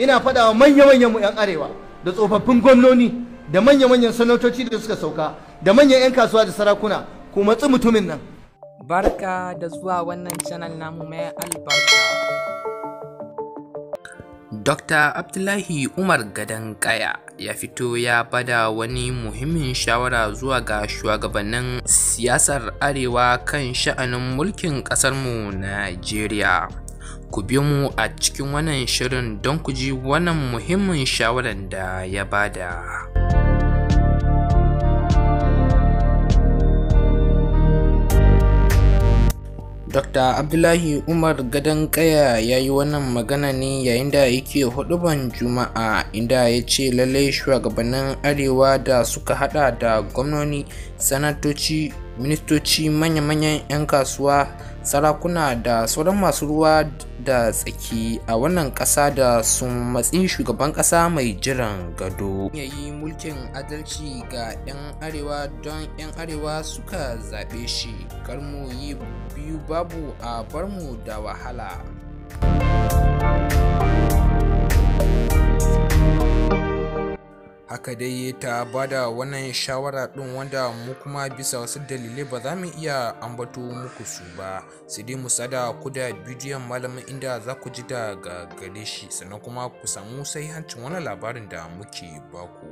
ina faɗa wa manya-manyan mu 'yan arewa da tsofaffin gwamnoni da manya-manyan sanatoci da suka sauka da manyan 'yan kasuwa da sarakuna ku matsi mutumin nan barka da zuwa wannan channel namu mai albarka Dr. Abdullahi Umar Gadan Kaya ya fito ya bada wani muhimmin shawara zuwa ga shugabannin siyasar Arewa kan sha'anin mulkin ƙasarmu Najeriya. ku bi mu a cikin wannan shirin don ku ji wannan muhimmin shawaran da ya bada. Dr. Abdullahi Umar Gadon Kaya ya yi wannan magana ne yayin da yake huduban Juma'a inda ya ce lallai shugabannin Arewa da suka hada da gwamnoni sanatoci ministoci manya-manyan 'yan kasuwa sarakuna da sauran masu ruwa da tsaki a wannan ƙasa da sun matsi shugaban ƙasa mai jiran gado ya yi mulkin adalci ga 'yan arewa don 'yan arewa suka zaɓe shi kar yi biyu babu a bar mu da wahala aka dai ta bada wannan shawara ɗin wanda mu kuma bisa wasu dalilai ba za mu iya ambato muku su ba sai dai mu sada ku da bidiyon malamin inda za ku ji daga gare shi sannan kuma ku samu sai hancin wani labarin da muke baku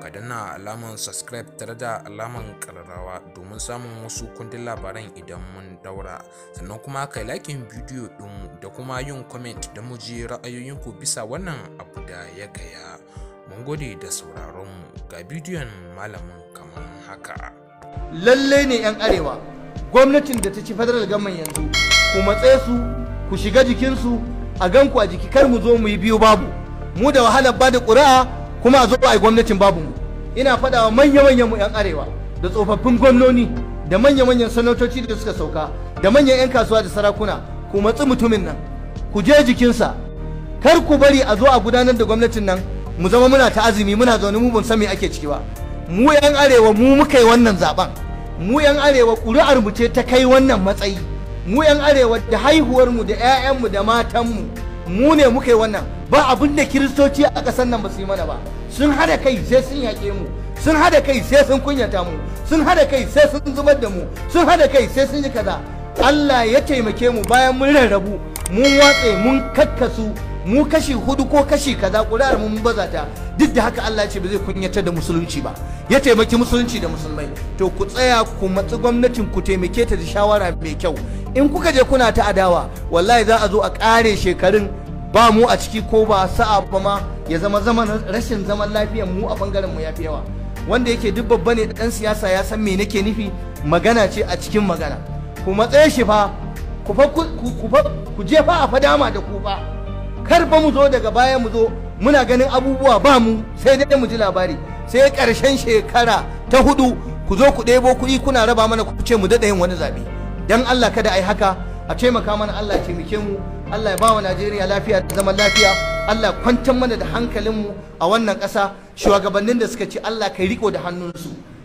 ka danna alaman subscribe tare da alaman kararrawa domin samun wasu kundin labaran idan mun daura sannan kuma kai lakin bidiyo ɗin da kuma yin comment da mu ji ra'ayoyinku bisa wannan abu da ya gaya mun gode da sauraronmu ga bidiyon malamin kamar haka lallai ne 'yan arewa gwamnatin da ta ci federal gaman yanzu ku matse su ku shiga jikinsu a ganku a jiki kar mu zo mu yi biyu babu mu da wahalar da ƙuri'a kuma a zo a yi gwamnatin babu mu ina faɗawa manya-manyan mu 'yan arewa da tsofaffin gwamnoni da manya-manyan sanatoci da suka sauka da manyan 'yan kasuwa da sarakuna ku matsi mutumin nan ku je jikinsa kar ku bari a zo a gudanar da gwamnatin nan mu zama muna ta azumi muna zaune mu ban san me ake ciki ba mu yan arewa mu muka yi wannan zaben mu yan arewa ƙuri'ar mu ce ta kai wannan matsayi mu yan arewa da haihuwar mu da mu da mu mu ne muka yi wannan ba abin da kiristoci a ƙasar nan ba su yi mana ba sun hada kai sai sun yaƙe mu sun hada kai sai sun kunyata mu sun hada kai sai sun zubar da mu sun hada kai sai sun yi kaza Allah ya taimake mu bayan mun rarrabu mun watse mun kakkasu mu kashi hudu ko kashi kaza da mun baza ta duk da haka Allah ce ba zai kunyatar da musulunci ba ya taimaki musulunci da musulmai to ku tsaya ku matsi gwamnatin ku taimake ta da shawara mai kyau in kuka je kuna ta adawa wallahi za a zo a kare shekarun ba mu a ciki ko ba sa'a ba ma ya zama zaman rashin zaman lafiyar mu a bangaren mu ya yawa wanda yake duk babba ne dan siyasa ya san me nake nufi magana ce a cikin magana ku matsaye shi fa ku fa ku jefa a fadama da ku fa kar mu zo daga baya mu zo muna ganin abubuwa ba mu sai dai mu ji labari sai karshen shekara ta hudu ku zo ku ɗebo kuɗi kuna raba mana ku ce mu daɗa yin wani zaɓe dan Allah kada ai haka a ce taimaka mana Allah taimake mu Allah ya bawa Najeriya lafiya da zaman lafiya Allah kwantar mana da hankalin mu a wannan ƙasa shugabannin da suka ce Allah kai riko da hannunsu